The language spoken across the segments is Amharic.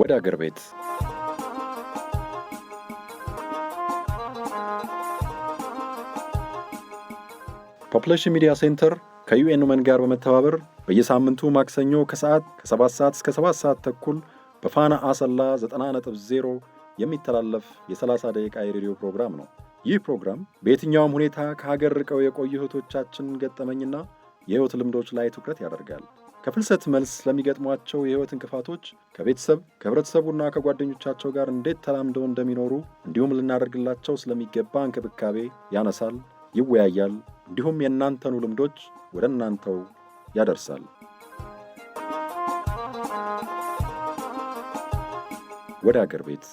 ወደ አገር ቤት ፖፕሌሽን ሚዲያ ሴንተር ከዩኤን ውመን ጋር በመተባበር በየሳምንቱ ማክሰኞ ከሰዓት ከ7 ሰዓት እስከ 7 ሰዓት ተኩል በፋና አሰላ 90.0 የሚተላለፍ የ30 ደቂቃ የሬዲዮ ፕሮግራም ነው። ይህ ፕሮግራም በየትኛውም ሁኔታ ከሀገር ርቀው የቆዩ እህቶቻችን ገጠመኝና የህይወት ልምዶች ላይ ትኩረት ያደርጋል። ከፍልሰት መልስ ለሚገጥሟቸው የህይወት እንቅፋቶች ከቤተሰብ ከህብረተሰቡና ከጓደኞቻቸው ጋር እንዴት ተላምደው እንደሚኖሩ እንዲሁም ልናደርግላቸው ስለሚገባ እንክብካቤ ያነሳል፣ ይወያያል፣ እንዲሁም የእናንተኑ ልምዶች ወደ እናንተው ያደርሳል። ወደ አገር ቤት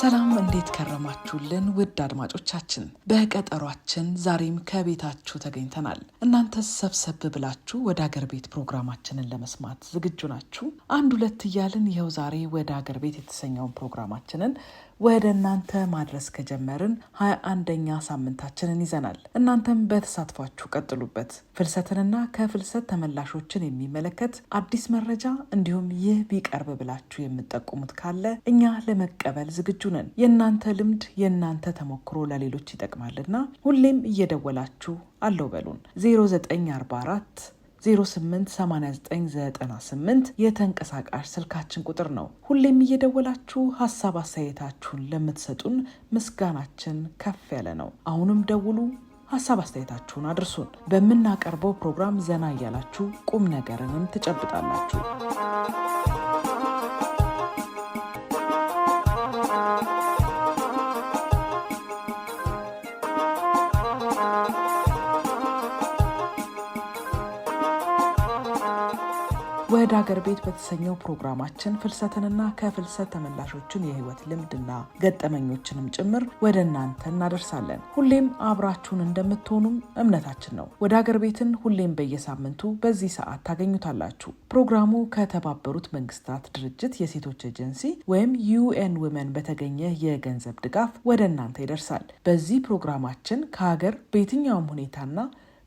ሰላም እንዴት ከረማችሁልን? ውድ አድማጮቻችን በቀጠሯችን ዛሬም ከቤታችሁ ተገኝተናል። እናንተ ሰብሰብ ብላችሁ ወደ አገር ቤት ፕሮግራማችንን ለመስማት ዝግጁ ናችሁ? አንድ ሁለት እያልን ይኸው ዛሬ ወደ አገር ቤት የተሰኘውን ፕሮግራማችንን ወደ እናንተ ማድረስ ከጀመርን ሀያ አንደኛ ሳምንታችንን ይዘናል። እናንተም በተሳትፏችሁ ቀጥሉበት። ፍልሰትንና ከፍልሰት ተመላሾችን የሚመለከት አዲስ መረጃ እንዲሁም ይህ ቢቀርብ ብላችሁ የምጠቁሙት ካለ እኛ ለመቀበል ዝግጁ ነን። የእናንተ ልምድ፣ የእናንተ ተሞክሮ ለሌሎች ይጠቅማልና ሁሌም እየደወላችሁ አለው በሉን 0944 088998 የተንቀሳቃሽ ስልካችን ቁጥር ነው። ሁሌም እየደወላችሁ ሀሳብ አስተያየታችሁን ለምትሰጡን ምስጋናችን ከፍ ያለ ነው። አሁንም ደውሉ፣ ሀሳብ አስተያየታችሁን አድርሱን። በምናቀርበው ፕሮግራም ዘና እያላችሁ ቁም ነገርንም ትጨብጣላችሁ። ገመድ አገር ቤት በተሰኘው ፕሮግራማችን ፍልሰትንና ከፍልሰት ተመላሾችን የህይወት ልምድና ገጠመኞችንም ጭምር ወደ እናንተ እናደርሳለን። ሁሌም አብራችሁን እንደምትሆኑም እምነታችን ነው። ወደ አገር ቤትን ሁሌም በየሳምንቱ በዚህ ሰዓት ታገኙታላችሁ። ፕሮግራሙ ከተባበሩት መንግስታት ድርጅት የሴቶች ኤጀንሲ ወይም ዩኤን ውመን በተገኘ የገንዘብ ድጋፍ ወደ እናንተ ይደርሳል። በዚህ ፕሮግራማችን ከሀገር በየትኛውም ሁኔታና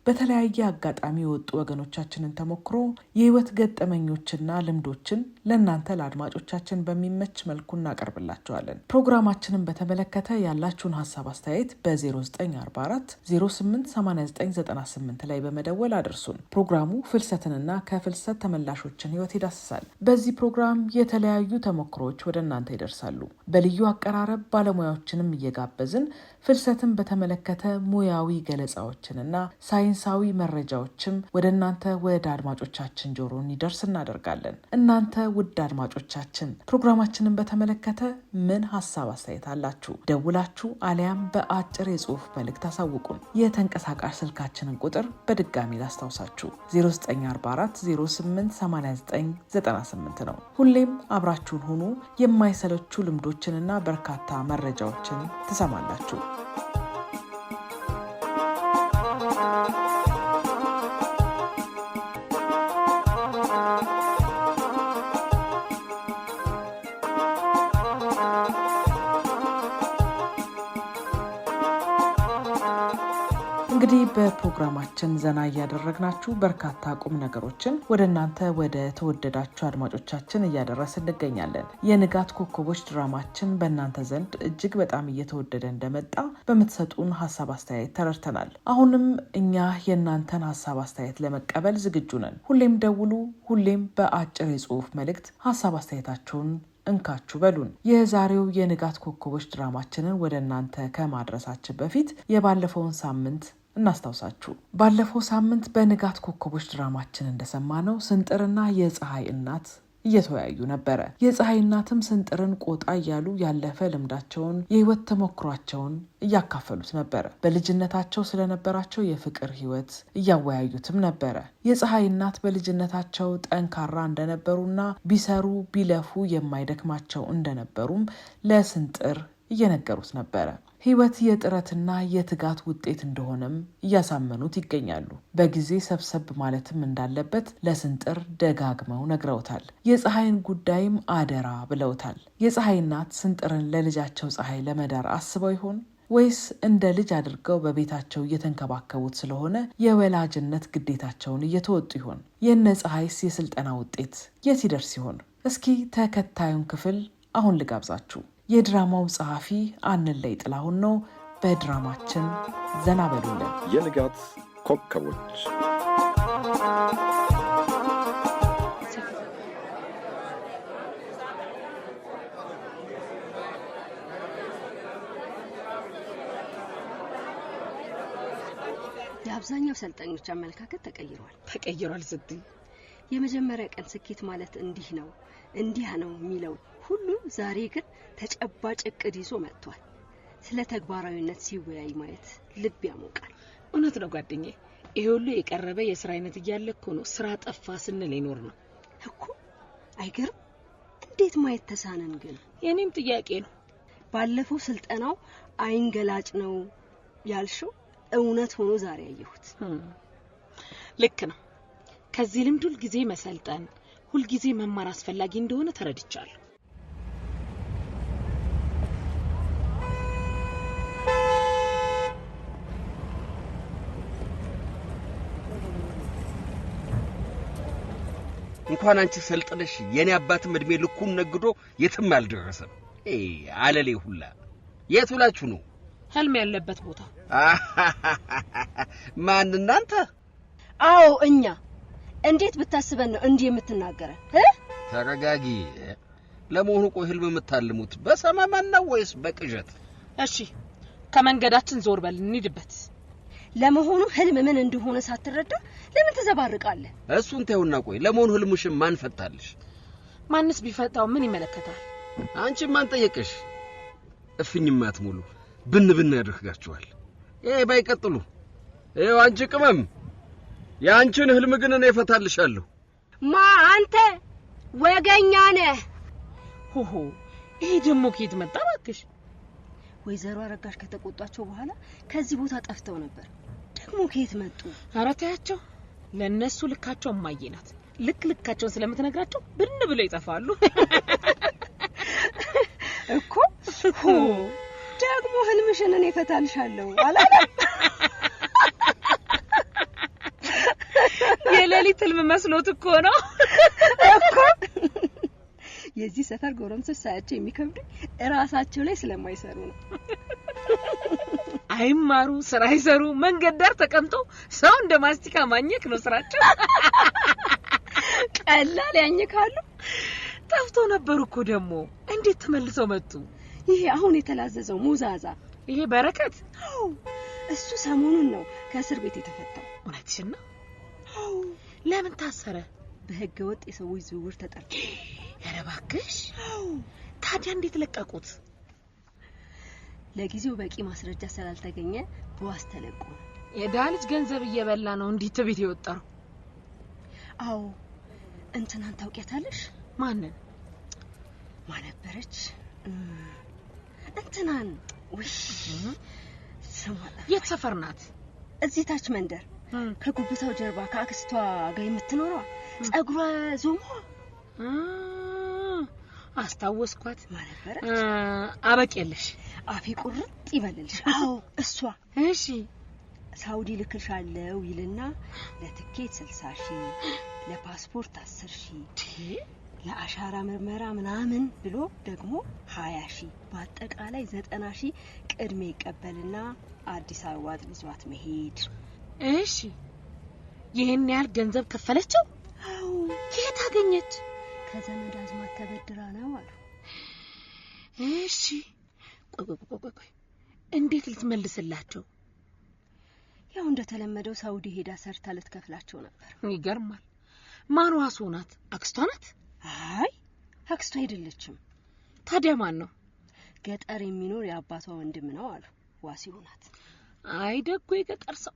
በተለያየ አጋጣሚ የወጡ ወገኖቻችንን ተሞክሮ የህይወት ገጠመኞችና ልምዶችን ለእናንተ ለአድማጮቻችን በሚመች መልኩ እናቀርብላችኋለን። ፕሮግራማችንን በተመለከተ ያላችሁን ሀሳብ አስተያየት በ0944 088998 ላይ በመደወል አድርሱን። ፕሮግራሙ ፍልሰትንና ከፍልሰት ተመላሾችን ህይወት ይዳስሳል። በዚህ ፕሮግራም የተለያዩ ተሞክሮዎች ወደ እናንተ ይደርሳሉ። በልዩ አቀራረብ ባለሙያዎችንም እየጋበዝን ፍልሰትን በተመለከተ ሙያዊ ገለጻዎችንና ሳይንሳዊ መረጃዎችም ወደ እናንተ ወደ አድማጮቻችን ጆሮ እንዲደርስ እናደርጋለን። እናንተ ውድ አድማጮቻችን ፕሮግራማችንን በተመለከተ ምን ሀሳብ አስተያየት አላችሁ? ደውላችሁ አሊያም በአጭር የጽሁፍ መልእክት አሳውቁን። የተንቀሳቃሽ ስልካችንን ቁጥር በድጋሚ ላስታውሳችሁ 0944 088998 ነው። ሁሌም አብራችሁን ሁኑ። የማይሰለቹ ልምዶችንና በርካታ መረጃዎችን ትሰማላችሁ። Thank you. እንግዲህ በፕሮግራማችን ዘና እያደረግናችሁ በርካታ ቁም ነገሮችን ወደ እናንተ ወደ ተወደዳችሁ አድማጮቻችን እያደረስ እንገኛለን። የንጋት ኮከቦች ድራማችን በእናንተ ዘንድ እጅግ በጣም እየተወደደ እንደመጣ በምትሰጡን ሀሳብ አስተያየት ተረድተናል። አሁንም እኛ የእናንተን ሀሳብ አስተያየት ለመቀበል ዝግጁ ነን። ሁሌም ደውሉ፣ ሁሌም በአጭር የጽሁፍ መልእክት ሀሳብ አስተያየታችሁን እንካችሁ በሉን። የዛሬው የንጋት ኮከቦች ድራማችንን ወደ እናንተ ከማድረሳችን በፊት የባለፈውን ሳምንት እናስታውሳችሁ ባለፈው ሳምንት በንጋት ኮከቦች ድራማችን እንደሰማነው ስንጥርና የፀሐይ እናት እየተወያዩ ነበረ። የፀሐይ እናትም ስንጥርን ቆጣ እያሉ ያለፈ ልምዳቸውን፣ የህይወት ተሞክሯቸውን እያካፈሉት ነበረ። በልጅነታቸው ስለነበራቸው የፍቅር ህይወት እያወያዩትም ነበረ። የፀሐይ እናት በልጅነታቸው ጠንካራ እንደነበሩና ቢሰሩ ቢለፉ የማይደክማቸው እንደነበሩም ለስንጥር እየነገሩት ነበረ። ህይወት የጥረትና የትጋት ውጤት እንደሆነም እያሳመኑት ይገኛሉ። በጊዜ ሰብሰብ ማለትም እንዳለበት ለስንጥር ደጋግመው ነግረውታል። የፀሐይን ጉዳይም አደራ ብለውታል። የፀሐይ እናት ስንጥርን ለልጃቸው ፀሐይ ለመዳር አስበው ይሆን ወይስ እንደ ልጅ አድርገው በቤታቸው እየተንከባከቡት ስለሆነ የወላጅነት ግዴታቸውን እየተወጡ ይሆን? የነ ፀሐይስ የስልጠና ውጤት የት ይደርስ ይሆን? እስኪ ተከታዩን ክፍል አሁን ልጋብዛችሁ። የድራማው ጸሐፊ አንለይ ጥላሁን ነው። በድራማችን ዘና በሉልን። የንጋት ኮከቦች የአብዛኛው ሰልጣኞች አመለካከት ተቀይሯል። ተቀይሯል ስትይ የመጀመሪያ ቀን ስኬት ማለት እንዲህ ነው እንዲያ ነው የሚለው ሁሉም ዛሬ ግን ተጨባጭ እቅድ ይዞ መጥቷል። ስለ ተግባራዊነት ሲወያይ ማየት ልብ ያሞቃል። እውነት ነው ጓደኛ። ይሄ ሁሉ የቀረበ የስራ አይነት እያለ እኮ ነው ስራ ጠፋ ስንል ይኖር ነው እኮ። አይገርም! እንዴት ማየት ተሳነን? ግን የእኔም ጥያቄ ነው። ባለፈው ስልጠናው አይን ገላጭ ነው ያልሽው እውነት ሆኖ ዛሬ ያየሁት። ልክ ነው። ከዚህ ልምድ ሁልጊዜ መሰልጠን፣ ሁልጊዜ መማር አስፈላጊ እንደሆነ ተረድቻለሁ። እንኳን አንቺ ሰልጥነሽ የኔ አባትም እድሜ ልኩን ነግዶ የትም አልደረሰም። አለሌ ሁላ የት ውላችሁ ነው? ህልም ያለበት ቦታ ማን? እናንተ? አዎ እኛ። እንዴት ብታስበን ነው እንዲህ የምትናገረ ተረጋጊ። ለመሆኑ ቆይ ህልም የምታልሙት ነው ወይስ በቅዠት? እሺ ከመንገዳችን ዞር በል እንሂድበት። ለመሆኑ ህልም ምን እንደሆነ ሳትረዳ ለምን ትዘባርቃለህ? እሱን ተውና ቆይ ለመሆኑ ህልሙሽን ማን ፈታልሽ? ማንስ ቢፈታው ምን ይመለከታል? አንቺ ማን ጠየቀሽ? እፍኝም አትሙሉ፣ ብን ብን ያደርጋችኋል። ይሄ ባይቀጥሉ ይኸው አንቺ ቅመም፣ የአንቺን ህልም ግን እኔ እፈታልሻለሁ። ማ አንተ ወገኛ ነህ? ሆሆ ይሄ ደግሞ ከየት መጣ? እባክሽ ወይዘሮ አረጋሽ ከተቆጧቸው በኋላ ከዚህ ቦታ ጠፍተው ነበር። ደግሞ ከየት መጡ? ኧረ ተያቸው። ለእነሱ ልካቸው እማዬ ናት። ልክ ልካቸውን ስለምትነግራቸው ብን ብለው ይጠፋሉ እኮ። ደግሞ ህልምሽን እኔ እፈታልሻለሁ አላለም? የሌሊት ህልም መስሎት እኮ ነው እኮ። የዚህ ሰፈር ጎረምሶች ሳያቸው የሚከብዱኝ እራሳቸው ላይ ስለማይሰሩ ነው። አይማሩ፣ ስራ አይሰሩ፣ መንገድ ዳር ተቀምጦ ሰው እንደ ማስቲካ ማኘክ ነው ስራቸው። ቀላል ያኝካሉ። ጠፍቶ ነበር እኮ ደግሞ እንዴት ተመልሰው መጡ? ይሄ አሁን የተላዘዘው ሙዛዛ፣ ይሄ በረከት፣ እሱ ሰሞኑን ነው ከእስር ቤት የተፈታው። እውነትሽን ነው። ለምን ታሰረ? በህገ ወጥ የሰዎች ዝውውር ተጠርቶ። ኧረ እባክሽ! ታዲያ እንዴት ለቀቁት? ለጊዜው በቂ ማስረጃ ስላልተገኘ በዋስ ተለቆ የዳ ልጅ ገንዘብ እየበላ ነው እንዲህ ትቢት የወጠረው። አዎ እንትናን ታውቂያታለሽ? ማንን? ማነበረች እንትናን ውይ ስሟ የት ሰፈር ናት? እዚህ ታች መንደር ከጉብታው ጀርባ ከአክስቷ ጋር የምትኖረዋ ጸጉሯ ዞሞ አስታወስኳት። ማነበረች አበቅ የለሽ አፌ ቁርጥ ይበልልሽ። አዎ እሷ። እሺ ሳውዲ ልክልሻለው ይልና ለትኬት ስልሳ ሺህ ለፓስፖርት አስር ሺህ ለአሻራ ምርመራ ምናምን ብሎ ደግሞ ሀያ ሺ በአጠቃላይ ዘጠና ሺህ ቅድሜ ይቀበልና አዲስ አበባ ይዟት መሄድ። እሺ ይህን ያህል ገንዘብ ከፈለችው? አዎ። ከየት አገኘች? ከዘመድ አዝማት ተበድራ ነው አሉ። እሺ ቆይ ቆይ፣ እንዴት ልትመልስላቸው? ያው እንደተለመደው ሳውዲ ሄዳ ሰርታ ልትከፍላቸው ነበር። ይገርማል። ማን ዋሱ ናት? አክስቷ ናት? አይ አክስቷ አይደለችም። ታዲያ ማን ነው? ገጠር የሚኖር የአባቷ ወንድም ነው አሉ። ዋሲው ናት። አይ ደጎ የገጠር ሰው።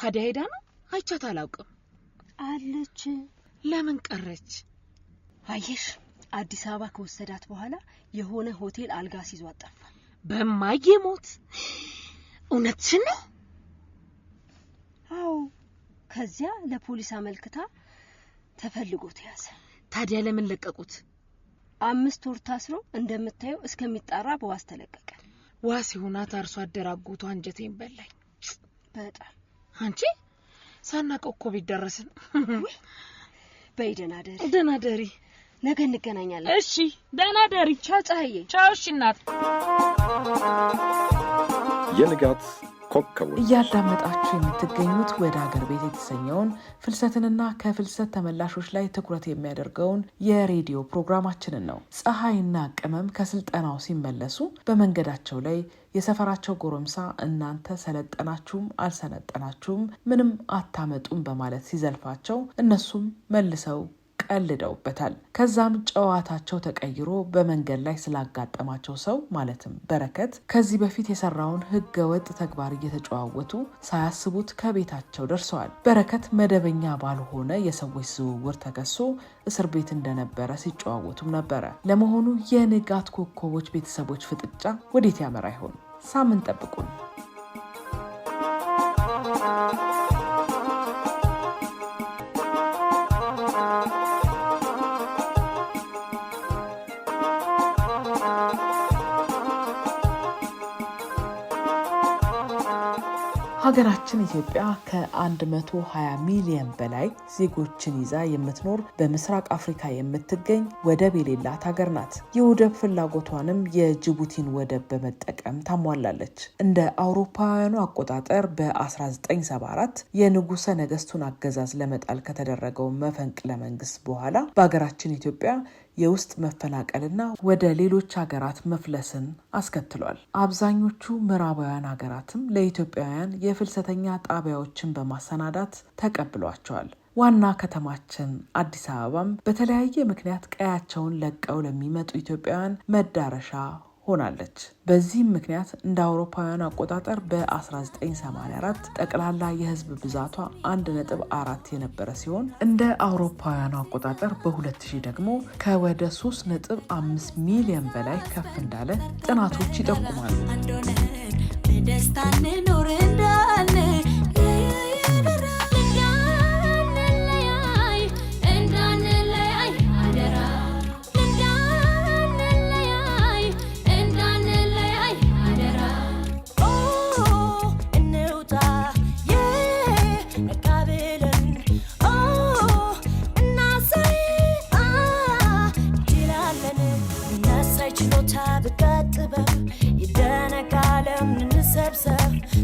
ታዲያ ሄዳ ነው? አይቻት አላውቅም። አለች። ለምን ቀረች? አየሽ አዲስ አበባ ከወሰዳት በኋላ የሆነ ሆቴል አልጋ ሲዞ አጠፋ። በማዬ ሞት እውነትሽን ነው? አዎ። ከዚያ ለፖሊስ አመልክታ ተፈልጎ ተያዘ። ታዲያ ለምን ለቀቁት? አምስት ወር ታስሮ እንደምታየው እስከሚጣራ በዋስ ተለቀቀ። ዋስ ይሁና ታርሶ አደራጎቱ አንጀቴን በላኝ በጣም አንቺ ሳናቀው እኮ ቢደረስን። በይ ደህና ደሪ፣ ደህና ደሪ። ነገ እንገናኛለን። እሺ፣ ደህና ደሪ። ቻው ፀሐዬ። ቻው። እሺ እናት። የንጋት ኮከቦች እያዳመጣችሁ የምትገኙት ወደ ሀገር ቤት የተሰኘውን ፍልሰትንና ከፍልሰት ተመላሾች ላይ ትኩረት የሚያደርገውን የሬዲዮ ፕሮግራማችንን ነው። ፀሐይና ቅመም ከስልጠናው ሲመለሱ በመንገዳቸው ላይ የሰፈራቸው ጎረምሳ እናንተ ሰለጠናችሁም አልሰለጠናችሁም ምንም አታመጡም በማለት ሲዘልፋቸው እነሱም መልሰው ቀልደውበታል። ከዛም ጨዋታቸው ተቀይሮ በመንገድ ላይ ስላጋጠማቸው ሰው ማለትም በረከት ከዚህ በፊት የሰራውን ህገወጥ ተግባር እየተጨዋወቱ ሳያስቡት ከቤታቸው ደርሰዋል። በረከት መደበኛ ባልሆነ የሰዎች ዝውውር ተከሶ እስር ቤት እንደነበረ ሲጨዋወቱም ነበረ። ለመሆኑ የንጋት ኮከቦች ቤተሰቦች ፍጥጫ ወዴት ያመራ ይሆን? ሳምንት ጠብቁን። ሀገራችን ኢትዮጵያ ከ120 ሚሊዮን በላይ ዜጎችን ይዛ የምትኖር በምስራቅ አፍሪካ የምትገኝ ወደብ የሌላት ሀገር ናት። የወደብ ፍላጎቷንም የጅቡቲን ወደብ በመጠቀም ታሟላለች። እንደ አውሮፓውያኑ አቆጣጠር በ1974 የንጉሰ ነገስቱን አገዛዝ ለመጣል ከተደረገው መፈንቅለ መንግስት በኋላ በሀገራችን ኢትዮጵያ የውስጥ መፈናቀልና ወደ ሌሎች ሀገራት መፍለስን አስከትሏል። አብዛኞቹ ምዕራባውያን ሀገራትም ለኢትዮጵያውያን የፍልሰተኛ ጣቢያዎችን በማሰናዳት ተቀብሏቸዋል። ዋና ከተማችን አዲስ አበባም በተለያየ ምክንያት ቀያቸውን ለቀው ለሚመጡ ኢትዮጵያውያን መዳረሻ ሆናለች። በዚህም ምክንያት እንደ አውሮፓውያን አቆጣጠር በ1984 ጠቅላላ የህዝብ ብዛቷ 1.4 የነበረ ሲሆን እንደ አውሮፓውያኑ አቆጣጠር በ2000 ደግሞ ከወደ 3.5 ሚሊዮን በላይ ከፍ እንዳለ ጥናቶች ይጠቁማሉ።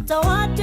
don't want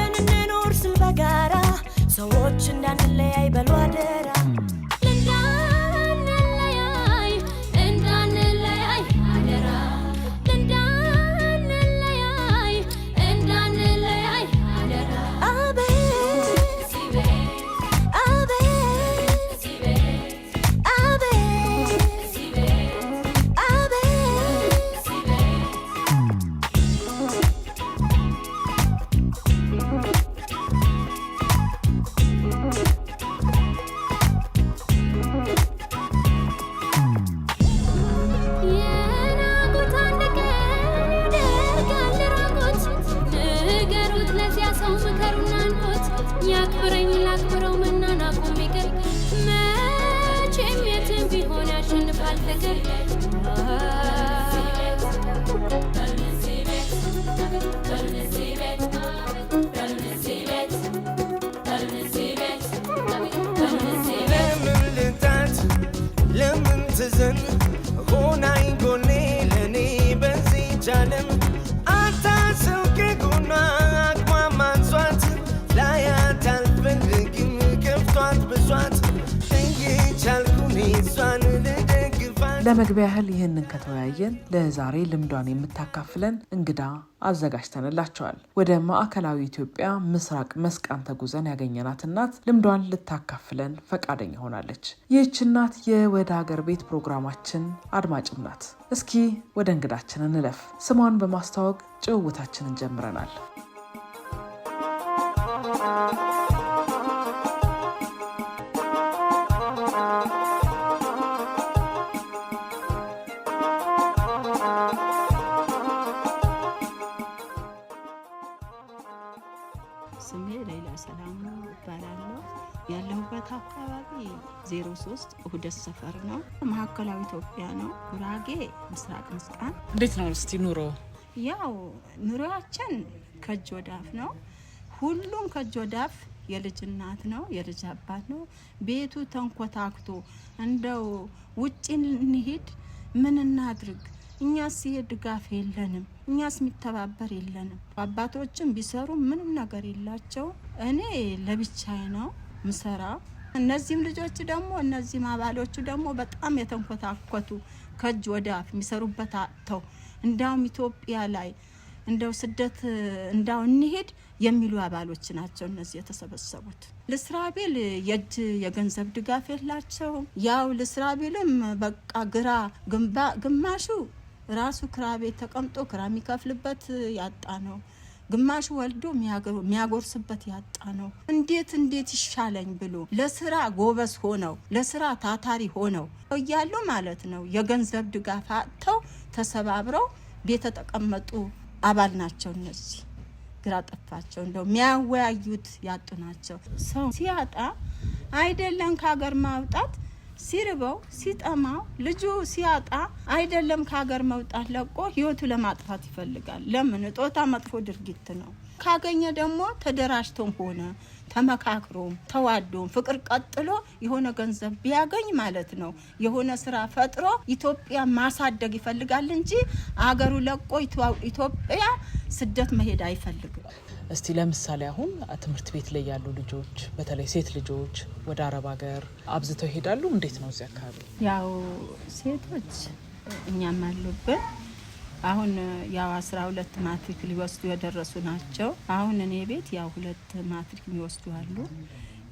ለመግቢያ ያህል ይህንን ከተወያየን ለዛሬ ልምዷን የምታካፍለን እንግዳ አዘጋጅተንላቸዋል። ወደ ማዕከላዊ ኢትዮጵያ ምስራቅ መስቃን ተጉዘን ያገኘናት እናት ልምዷን ልታካፍለን ፈቃደኛ ሆናለች። ይህች እናት የወደ ሀገር ቤት ፕሮግራማችን አድማጭም ናት። እስኪ ወደ እንግዳችን እንለፍ። ስሟን በማስተዋወቅ ጭውውታችንን ጀምረናል። ልደት አካባቢ 03 ኡህደት ሰፈር ነው። መሀከላዊ ኢትዮጵያ ነው። ጉራጌ ምስራቅ ምስቃን። እንዴት ነው እስቲ ኑሮ? ያው ኑሮያችን ከእጅ ወዳፍ ነው። ሁሉም ከእጅ ወዳፍ የልጅ እናት ነው፣ የልጅ አባት ነው። ቤቱ ተንኮታክቶ እንደው ውጭ እንሂድ ምን እናድርግ እኛስ ይሄ ድጋፍ የለንም፣ እኛስ የሚተባበር የለንም። አባቶችም ቢሰሩ ምንም ነገር የላቸው እኔ ለብቻዬ ነው ምሰራ እነዚህም ልጆች ደግሞ እነዚህም አባሎቹ ደግሞ በጣም የተንኮታኮቱ ከእጅ ወደ አፍ የሚሰሩበት አጥተው እንዳውም ኢትዮጵያ ላይ እንደው ስደት እንዳው እንሄድ የሚሉ አባሎች ናቸው እነዚህ የተሰበሰቡት። ልስራቤል የእጅ የገንዘብ ድጋፍ የላቸውም። ያው ልስራቤልም በቃ ግራ ግማሹ ራሱ ክራቤት ተቀምጦ ክራ የሚከፍልበት ያጣ ነው። ግማሹ ወልዶ የሚያጎርስበት ያጣ ነው። እንዴት እንዴት ይሻለኝ ብሎ ለስራ ጎበዝ ሆነው ለስራ ታታሪ ሆነው እያሉ ማለት ነው የገንዘብ ድጋፍ አጥተው ተሰባብረው ቤት አባል ናቸው እነዚህ ግራ ጠፋቸው። እንደው የሚያወያዩት ያጡ ናቸው። ሰው ሲያጣ አይደለም ከሀገር ማውጣት ሲርበው ሲጠማው ልጁ ሲያጣ አይደለም ከሀገር መውጣት ለቆ ህይወቱ ለማጥፋት ይፈልጋል። ለምን? እጦታ መጥፎ ድርጊት ነው። ካገኘ ደግሞ ተደራጅቶም ሆነ ተመካክሮም ተዋዶም ፍቅር ቀጥሎ የሆነ ገንዘብ ቢያገኝ ማለት ነው የሆነ ስራ ፈጥሮ ኢትዮጵያ ማሳደግ ይፈልጋል እንጂ አገሩ ለቆ ኢትዮጵያ ስደት መሄድ አይፈልግም። እስቲ ለምሳሌ አሁን ትምህርት ቤት ላይ ያሉ ልጆች በተለይ ሴት ልጆች ወደ አረብ ሀገር አብዝተው ይሄዳሉ። እንዴት ነው እዚህ አካባቢ? ያው ሴቶች እኛም አሉብን አሁን ያው አስራ ሁለት ማትሪክ ሊወስዱ የደረሱ ናቸው። አሁን እኔ ቤት ያው ሁለት ማትሪክ የሚወስዱ አሉ።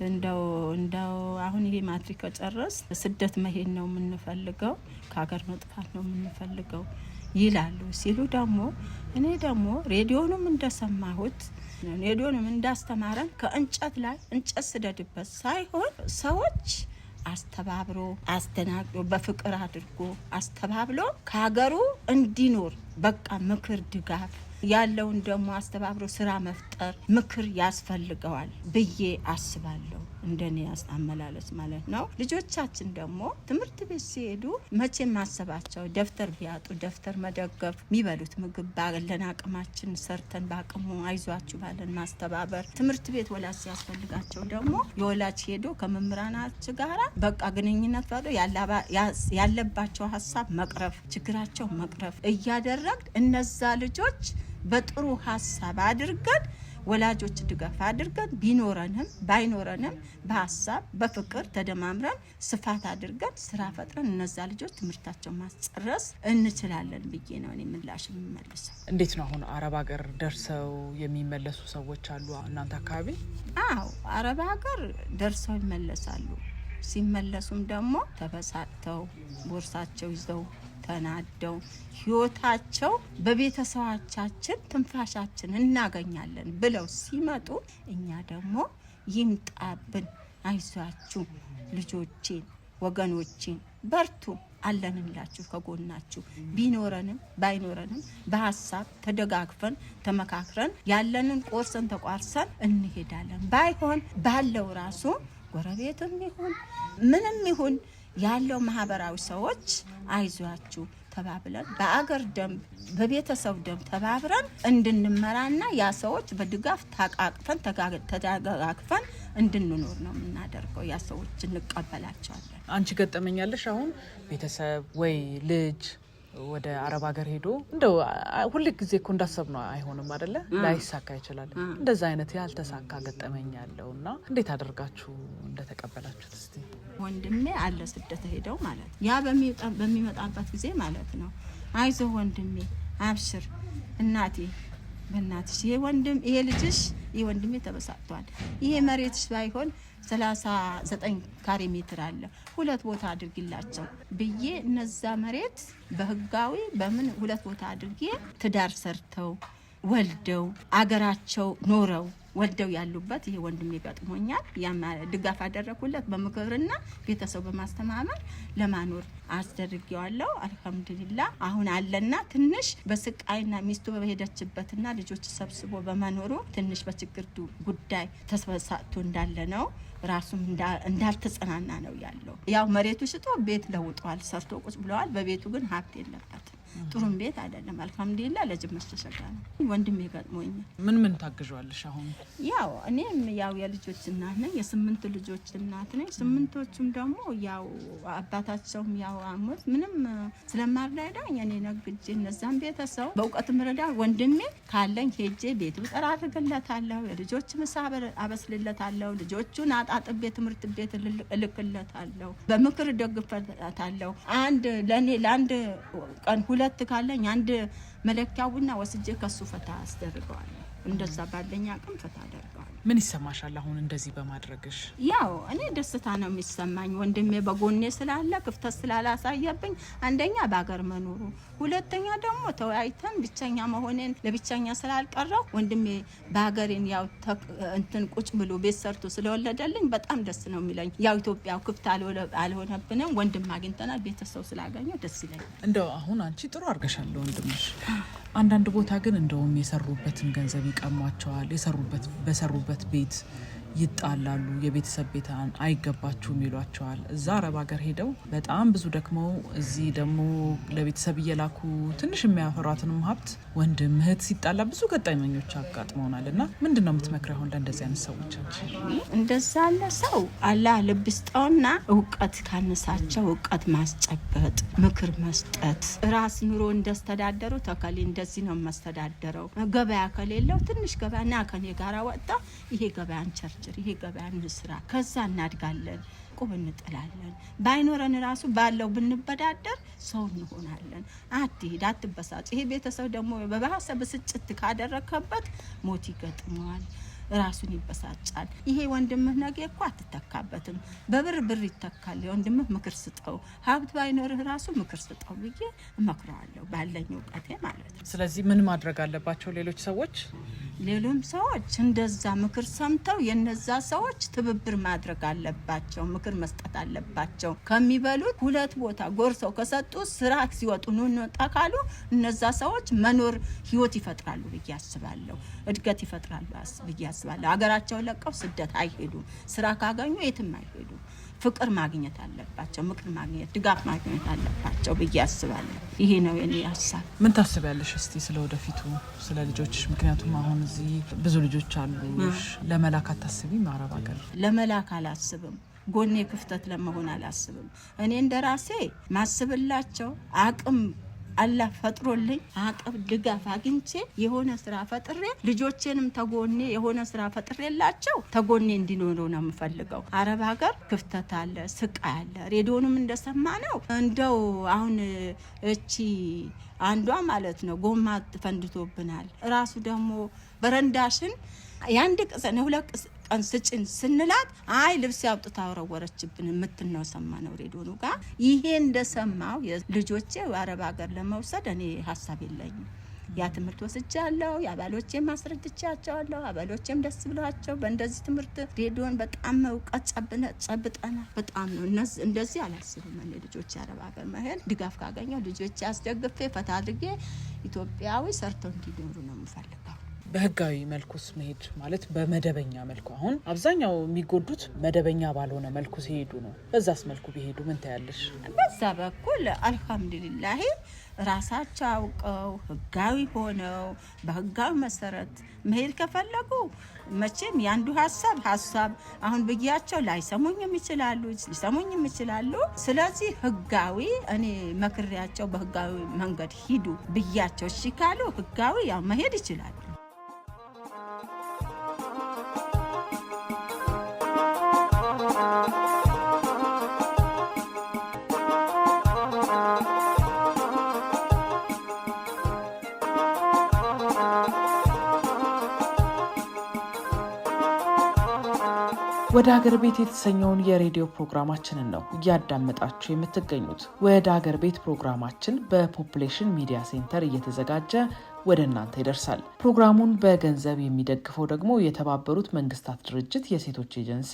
እንደው እንደው አሁን ይሄ ማትሪክ ከጨረስ ስደት መሄድ ነው የምንፈልገው፣ ከሀገር መጥፋት ነው የምንፈልገው ይላሉ ሲሉ ደግሞ እኔ ደግሞ ሬዲዮንም እንደሰማሁት ሜዶንም እንዳስተማረን ከእንጨት ላይ እንጨት ስደድበት ሳይሆን ሰዎች አስተባብሮ አስተናግዶ በፍቅር አድርጎ አስተባብሎ ከሀገሩ እንዲኖር በቃ ምክር፣ ድጋፍ ያለውን ደግሞ አስተባብሮ ስራ መፍጠር ምክር ያስፈልገዋል ብዬ አስባለሁ። እንደኔ አመላለስ ማለት ነው። ልጆቻችን ደግሞ ትምህርት ቤት ሲሄዱ መቼም ማሰባቸው ደብተር ቢያጡ ደብተር መደገፍ፣ የሚበሉት ምግብ ባለን አቅማችን ሰርተን በአቅሙ አይዟችሁ ባለን ማስተባበር፣ ትምህርት ቤት ወላጅ ሲያስፈልጋቸው ደግሞ የወላጅ ሄዶ ከመምህራናች ጋራ በቃ ግንኙነት ፈጥሮ ያለባቸው ሀሳብ መቅረፍ፣ ችግራቸው መቅረፍ እያደረግ እነዛ ልጆች በጥሩ ሀሳብ አድርገን ወላጆች ድጋፍ አድርገን ቢኖረንም ባይኖረንም በሀሳብ በፍቅር ተደማምረን ስፋት አድርገን ስራ ፈጥረን እነዛ ልጆች ትምህርታቸው ማስጨረስ እንችላለን ብዬ ነው እኔ ምላሽ የምመልሰው። እንዴት ነው አሁን አረብ ሀገር ደርሰው የሚመለሱ ሰዎች አሉ እናንተ አካባቢ? አዎ አረብ ሀገር ደርሰው ይመለሳሉ። ሲመለሱም ደግሞ ተበሳጥተው ቦርሳቸው ይዘው ተናደው ህይወታቸው በቤተሰባቻችን ትንፋሻችን እናገኛለን ብለው ሲመጡ እኛ ደግሞ ይምጣብን፣ አይዟችሁ ልጆቼን፣ ወገኖቼን በርቱ አለንላችሁ ከጎናችሁ ቢኖረንም ባይኖረንም በሀሳብ ተደጋግፈን ተመካክረን ያለንን ቆርሰን ተቋርሰን እንሄዳለን። ባይሆን ባለው ራሱ ጎረቤትም ይሁን ምንም ይሁን ያለው ማህበራዊ ሰዎች አይዟችሁ ተባብለን በአገር ደንብ በቤተሰብ ደንብ ተባብረን እንድንመራና ያ ሰዎች በድጋፍ ታቃቅፈን ተጋግፈን እንድንኖር ነው የምናደርገው። ያ ሰዎች እንቀበላቸዋለን። አንቺ ገጠመኛለሽ አሁን ቤተሰብ ወይ ልጅ ወደ አረብ ሀገር ሄዶ እንደው ሁል ጊዜ እኮ እንዳሰብ ነው አይሆንም፣ አደለ? ላይሳካ ይችላል። እንደዛ አይነት ያልተሳካ ገጠመኝ ያለው እና እንዴት አደርጋችሁ እንደተቀበላችሁት እስቲ። ወንድሜ አለ ስደት ሄደው ማለት ያ በሚመጣበት ጊዜ ማለት ነው አይዞ ወንድሜ አብሽር እናቴ በእናትሽ ይሄ ወንድም ይሄ ልጅሽ ይሄ ወንድሜ ተበሳጥቷል፣ ይሄ መሬትሽ ባይሆን 39 ካሬ ሜትር አለ ሁለት ቦታ አድርግላቸው ብዬ እነዛ መሬት በህጋዊ በምን ሁለት ቦታ አድርጌ ትዳር ሰርተው ወልደው አገራቸው ኖረው ወልደው ያሉበት ይሄ ወንድሜ ገጥሞኛል። ድጋፍ አደረኩለት በምክርና ቤተሰብ በማስተማመር ለማኖር አስደርጌዋለሁ። አልሐምዱሊላ አሁን አለና ትንሽ በስቃይና ሚስቱ በሄደችበትና ልጆች ሰብስቦ በመኖሩ ትንሽ በችግር ጉዳይ ተሰሳጥቶ እንዳለ ነው። ራሱም እንዳልተጸናና ነው ያለው። ያው መሬቱ ሽጦ ቤት ለውጧል ሰርቶ ቁጭ ብለዋል። በቤቱ ግን ሀብት የለበትም። ጥሩም ቤት አይደለም። አልሐምዱሊላ ለጅምር ተሰጋ ነው ወንድም ገጥሞኛል። ምን ምን ታግዣለሽ? አሁን ያው እኔም ያው የልጆች እናት ነኝ፣ የስምንት ልጆች እናት ነኝ። ስምንቶቹም ደግሞ ያው አባታቸውም ያው አሞት ምንም ስለማርዳዳኝ እኔ ነግጄ እነዛም ቤተሰው በእውቀት ምረዳ ወንድሜ ካለኝ ሄጄ ቤት ብጠር አድርግለታለሁ። የልጆች ምሳ አበስልለታለሁ። ልጆቹን አጣጥቤ ትምህርት ቤት እልክለታለሁ። በምክር ደግፈታለሁ። አንድ ለእኔ ለአንድ ቀን ሁ ሁለት ካለኝ አንድ መለኪያ ቡና ወስጄ ከሱ ፈታ አስደርገዋል። እንደዛ ባለኝ አቅም ፈታ ምን ይሰማሻል አሁን እንደዚህ በማድረግሽ? ያው እኔ ደስታ ነው የሚሰማኝ። ወንድሜ በጎኔ ስላለ ክፍተት ስላላሳየብኝ፣ አንደኛ በሀገር መኖሩ፣ ሁለተኛ ደግሞ ተወያይተን ብቸኛ መሆኔን ለብቸኛ ስላልቀረው ወንድሜ በሀገሬን ያው እንትን ቁጭ ብሎ ቤት ሰርቶ ስለወለደልኝ በጣም ደስ ነው የሚለኝ። ያው ኢትዮጵያ ክፍት አልሆነብንም፣ ወንድም አግኝተናል። ቤተሰብ ስላገኘ ደስ ይለኛል። እንደው አሁን አንቺ ጥሩ አድርገሻል ወንድምሽ። አንዳንድ ቦታ ግን እንደውም የሰሩበትን ገንዘብ ይቀሟቸዋል። የሰሩበት በሰሩበት ቤት ይጣላሉ። የቤተሰብ ቤት አይገባችሁም ይሏቸዋል። እዛ አረብ ሀገር ሄደው በጣም ብዙ ደክመው እዚህ ደግሞ ለቤተሰብ እየላኩ ትንሽ የሚያፈሯትንም ሀብት ወንድም እህት ሲጣላ ብዙ ገጠመኞች አጋጥመውናል። እና ምንድን ነው የምትመክረው አሁን ለእንደዚህ አይነት ሰዎች? እንደዛ ያለ ሰው አላ ልብ እውቀት ካነሳቸው እውቀት ማስጨበጥ፣ ምክር መስጠት፣ ራስ ኑሮ እንደስተዳደሩ ተከሌ እንደዚህ ነው የማስተዳደረው ገበያ ከሌለው ትንሽ ገበያ ና ከኔ ጋራ ወጣ ይሄ ገበያ አንቸርች ሚኒስትር ይሄ ገበያ እንስራ፣ ከዛ እናድጋለን፣ ቁብ እንጥላለን። ባይኖረን ራሱ ባለው ብንበዳደር ሰው እንሆናለን። አትሄድ፣ አትበሳጭ። ይሄ ቤተሰብ ደግሞ በባሰ ብስጭት ካደረከበት ሞት ይገጥመዋል። ራሱን ይበሳጫል። ይሄ ወንድምህ ነገ እኮ አትተካበትም። በብር ብር ይተካል። ወንድምህ ምክር ስጠው፣ ሀብት ባይኖርህ ራሱ ምክር ስጠው ብዬ እመክረዋለሁ፣ ባለኝ እውቀቴ ማለት ነው። ስለዚህ ምን ማድረግ አለባቸው ሌሎች ሰዎች? ሌሎም ሰዎች እንደዛ ምክር ሰምተው የነዛ ሰዎች ትብብር ማድረግ አለባቸው፣ ምክር መስጠት አለባቸው። ከሚበሉት ሁለት ቦታ ጎርሰው ከሰጡ ስራ ሲወጡ እንወጣ ካሉ እነዛ ሰዎች መኖር ህይወት ይፈጥራሉ ብዬ አስባለሁ። እድገት ይፈጥራሉ ብዬ አስባለሁ። ሀገራቸውን ለቀው ስደት አይሄዱም። ስራ ካገኙ የትም አይሄዱም። ፍቅር ማግኘት አለባቸው፣ ምክር ማግኘት፣ ድጋፍ ማግኘት አለባቸው ብዬ አስባለሁ። ይሄ ነው የኔ ሀሳብ። ምን ታስቢያለሽ እስቲ ስለ ወደፊቱ ስለ ልጆች? ምክንያቱም አሁን እዚህ ብዙ ልጆች አሉ። ለመላክ አታስቢም? አረብ ሀገር ለመላክ አላስብም። ጎኔ ክፍተት ለመሆን አላስብም። እኔ እንደ ራሴ ማስብላቸው አቅም አላህ ፈጥሮልኝ አቅብ ድጋፍ አግኝቼ የሆነ ስራ ፈጥሬ ልጆቼንም ተጎኔ የሆነ ስራ ፈጥሬላቸው ተጎኔ እንዲኖሩ ነው የምፈልገው። አረብ ሀገር ክፍተት አለ፣ ስቃይ አለ። ሬዲዮንም እንደሰማ ነው እንደው አሁን እቺ አንዷ ማለት ነው ጎማ ፈንድቶብናል። እራሱ ደግሞ በረንዳሽን የአንድ ቅጽ ሁለት ቀን ስጭን ስንላት አይ ልብስ ያውጥታ ነው ሰማ ነው ሬዲዮኑ ጋር ይሄ እንደሰማው ልጆቼ አረብ ሀገር ለመውሰድ እኔ ሀሳብ የለኝም። ያ ትምህርት ወስጃለሁ። የአባሎቼ ማስረድቻቸዋለሁ። አባሎቼም ደስ ብሏቸው በእንደዚህ ትምህርት ሬዲዮን በጣም እውቀት ጨብጠና በጣም ነው እንደዚህ አላስብም እኔ ልጆች አረብ ሀገር መሄድ ድጋፍ ካገኘው ልጆች አስደግፌ ፈታ አድርጌ ኢትዮጵያዊ ሰርተው እንዲኖሩ ነው የምፈልገው። በህጋዊ መልኩስ መሄድ ማለት በመደበኛ መልኩ አሁን አብዛኛው የሚጎዱት መደበኛ ባልሆነ መልኩ ሲሄዱ ነው። በዛስ መልኩ ቢሄዱ ምን ታያለሽ? በዛ በኩል አልሐምዱሊላሂ ራሳቸው አውቀው ህጋዊ ሆነው በህጋዊ መሰረት መሄድ ከፈለጉ መቼም የአንዱ ሀሳብ ሀሳብ አሁን ብያቸው ላይሰሙኝም ይችላሉ፣ ሊሰሙኝም ይችላሉ። ስለዚህ ህጋዊ እኔ መክሬያቸው በህጋዊ መንገድ ሂዱ ብያቸው እሺ ካሉ ህጋዊ ያው መሄድ ይችላሉ። ወደ ሀገር ቤት የተሰኘውን የሬዲዮ ፕሮግራማችንን ነው እያዳመጣችሁ የምትገኙት። ወደ ሀገር ቤት ፕሮግራማችን በፖፕሌሽን ሚዲያ ሴንተር እየተዘጋጀ ወደ እናንተ ይደርሳል። ፕሮግራሙን በገንዘብ የሚደግፈው ደግሞ የተባበሩት መንግስታት ድርጅት የሴቶች ኤጀንሲ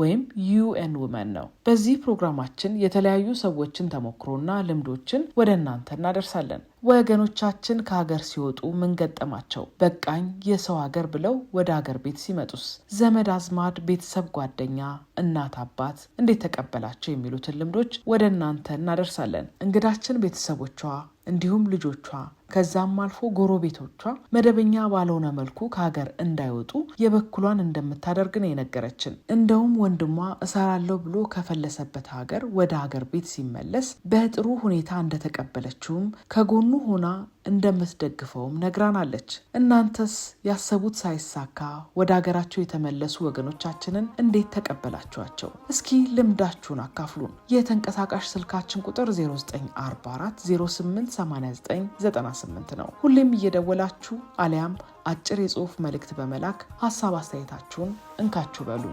ወይም ዩኤን ውመን ነው። በዚህ ፕሮግራማችን የተለያዩ ሰዎችን ተሞክሮና ልምዶችን ወደ እናንተ እናደርሳለን። ወገኖቻችን ከሀገር ሲወጡ ምን ገጠማቸው? በቃኝ የሰው ሀገር ብለው ወደ ሀገር ቤት ሲመጡስ ዘመድ አዝማድ፣ ቤተሰብ፣ ጓደኛ፣ እናት አባት እንዴት ተቀበላቸው? የሚሉትን ልምዶች ወደ እናንተ እናደርሳለን። እንግዳችን ቤተሰቦቿ እንዲሁም ልጆቿ ከዛም አልፎ ጎረቤቶቿ መደበኛ ባልሆነ መልኩ ከሀገር እንዳይወጡ የበኩሏን እንደምታደርግ ነው የነገረችን። እንደውም ወንድሟ እሰራለሁ ብሎ ከፈለሰበት ሀገር ወደ ሀገር ቤት ሲመለስ በጥሩ ሁኔታ እንደተቀበለችውም ከጎኑ ሆና እንደምትደግፈውም ነግራናለች። እናንተስ ያሰቡት ሳይሳካ ወደ ሀገራቸው የተመለሱ ወገኖቻችንን እንዴት ተቀበላችኋቸው? እስኪ ልምዳችሁን አካፍሉን። የተንቀሳቃሽ ስልካችን ቁጥር 0944 ነው። ሁሌም እየደወላችሁ አሊያም አጭር የጽሑፍ መልእክት በመላክ ሀሳብ አስተያየታችሁን እንካችሁ በሉ።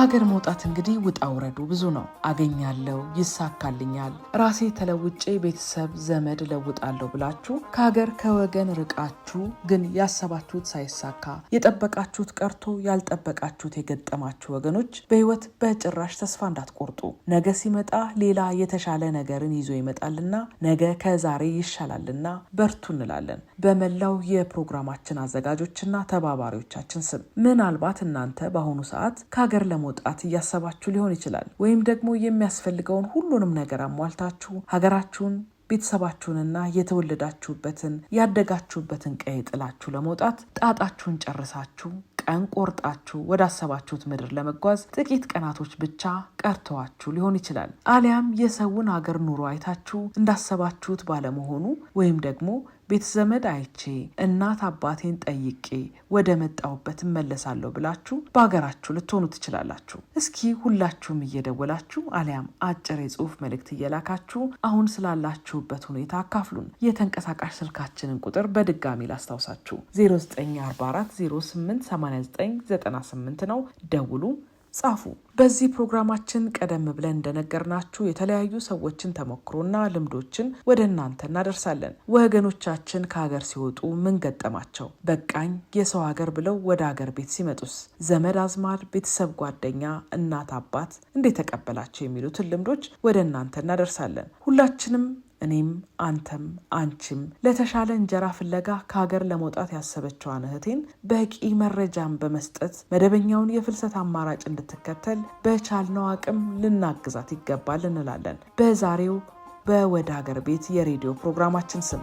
ከሀገር መውጣት እንግዲህ ውጣ ውረዱ ብዙ ነው። አገኛለሁ፣ ይሳካልኛል፣ ራሴ ተለውጬ ቤተሰብ ዘመድ ለውጣለሁ ብላችሁ ከሀገር ከወገን ርቃችሁ ግን ያሰባችሁት ሳይሳካ የጠበቃችሁት ቀርቶ ያልጠበቃችሁት የገጠማችሁ ወገኖች በህይወት በጭራሽ ተስፋ እንዳትቆርጡ። ነገ ሲመጣ ሌላ የተሻለ ነገርን ይዞ ይመጣልና ነገ ከዛሬ ይሻላልና በርቱ እንላለን በመላው የፕሮግራማችን አዘጋጆችና ተባባሪዎቻችን ስም። ምናልባት እናንተ በአሁኑ ሰዓት ከሀገር ለመ ለመውጣት እያሰባችሁ ሊሆን ይችላል። ወይም ደግሞ የሚያስፈልገውን ሁሉንም ነገር አሟልታችሁ ሀገራችሁን ቤተሰባችሁንና የተወለዳችሁበትን ያደጋችሁበትን ቀይ ጥላችሁ ለመውጣት ጣጣችሁን ጨርሳችሁ ቀን ቆርጣችሁ ወዳሰባችሁት ምድር ለመጓዝ ጥቂት ቀናቶች ብቻ ቀርተዋችሁ ሊሆን ይችላል። አሊያም የሰውን ሀገር ኑሮ አይታችሁ እንዳሰባችሁት ባለመሆኑ ወይም ደግሞ ቤተዘመድ አይቼ እናት አባቴን ጠይቄ ወደ መጣሁበት እመለሳለሁ ብላችሁ በሀገራችሁ ልትሆኑ ትችላላችሁ። እስኪ ሁላችሁም እየደወላችሁ አሊያም አጭር የጽሁፍ መልእክት እየላካችሁ አሁን ስላላችሁበት ሁኔታ አካፍሉን። የተንቀሳቃሽ ስልካችንን ቁጥር በድጋሚ ላስታውሳችሁ 0944 08 89 98 ነው። ደውሉ። ጻፉ። በዚህ ፕሮግራማችን ቀደም ብለን እንደነገርናችሁ የተለያዩ ሰዎችን ተሞክሮና ልምዶችን ወደ እናንተ እናደርሳለን። ወገኖቻችን ከሀገር ሲወጡ ምን ገጠማቸው? በቃኝ የሰው ሀገር ብለው ወደ ሀገር ቤት ሲመጡስ ዘመድ አዝማድ፣ ቤተሰብ፣ ጓደኛ፣ እናት አባት እንዴት ተቀበላቸው? የሚሉትን ልምዶች ወደ እናንተ እናደርሳለን። ሁላችንም እኔም አንተም አንቺም ለተሻለ እንጀራ ፍለጋ ከሀገር ለመውጣት ያሰበችዋን እህቴን በቂ መረጃን በመስጠት መደበኛውን የፍልሰት አማራጭ እንድትከተል በቻልነው አቅም ልናግዛት ይገባል እንላለን። በዛሬው በወደ ሀገር ቤት የሬዲዮ ፕሮግራማችን ስም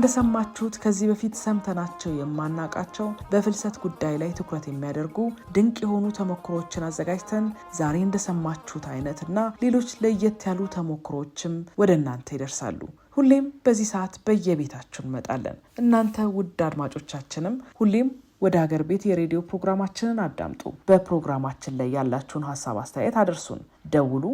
እንደሰማችሁት ከዚህ በፊት ሰምተናቸው የማናቃቸው በፍልሰት ጉዳይ ላይ ትኩረት የሚያደርጉ ድንቅ የሆኑ ተሞክሮዎችን አዘጋጅተን ዛሬ እንደሰማችሁት አይነት እና ሌሎች ለየት ያሉ ተሞክሮዎችም ወደ እናንተ ይደርሳሉ። ሁሌም በዚህ ሰዓት በየቤታችሁ እንመጣለን። እናንተ ውድ አድማጮቻችንም ሁሌም ወደ ሀገር ቤት የሬዲዮ ፕሮግራማችንን አዳምጡ። በፕሮግራማችን ላይ ያላችሁን ሀሳብ አስተያየት አድርሱን፣ ደውሉ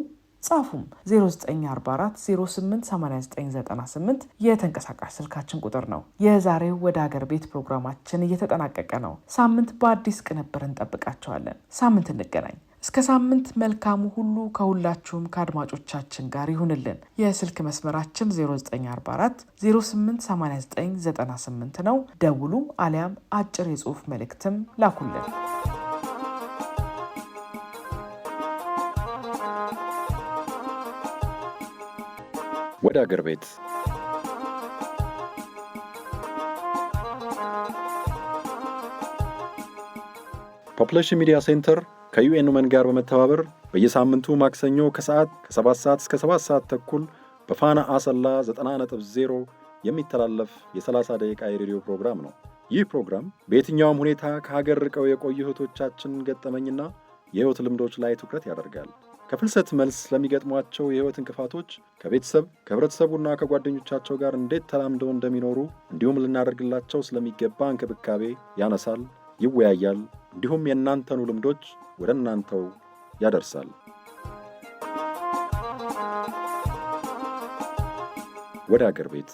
ጻፉም 0944088998 የተንቀሳቃሽ ስልካችን ቁጥር ነው። የዛሬው ወደ ሀገር ቤት ፕሮግራማችን እየተጠናቀቀ ነው። ሳምንት በአዲስ ቅንብር እንጠብቃቸዋለን። ሳምንት እንገናኝ። እስከ ሳምንት መልካሙ ሁሉ ከሁላችሁም ከአድማጮቻችን ጋር ይሁንልን። የስልክ መስመራችን 0944 ነው። ደውሉ አሊያም አጭር የጽሑፍ መልእክትም ላኩልን። ወደ አገር ቤት ፖፕሌሽን ሚዲያ ሴንተር ከዩኤን መን ጋር በመተባበር በየሳምንቱ ማክሰኞ ከሰዓት ከ7 ሰዓት እስከ 7 ሰዓት ተኩል በፋና አሰላ 90.0 የሚተላለፍ የ30 ደቂቃ የሬዲዮ ፕሮግራም ነው። ይህ ፕሮግራም በየትኛውም ሁኔታ ከሀገር ርቀው የቆዩ እህቶቻችን ገጠመኝና የህይወት ልምዶች ላይ ትኩረት ያደርጋል። ከፍልሰት መልስ ስለሚገጥሟቸው የህይወት እንቅፋቶች ከቤተሰብ ከህብረተሰቡና ከጓደኞቻቸው ጋር እንዴት ተላምደው እንደሚኖሩ እንዲሁም ልናደርግላቸው ስለሚገባ እንክብካቤ ያነሳል፣ ይወያያል፣ እንዲሁም የእናንተኑ ልምዶች ወደ እናንተው ያደርሳል። ወደ አገር ቤት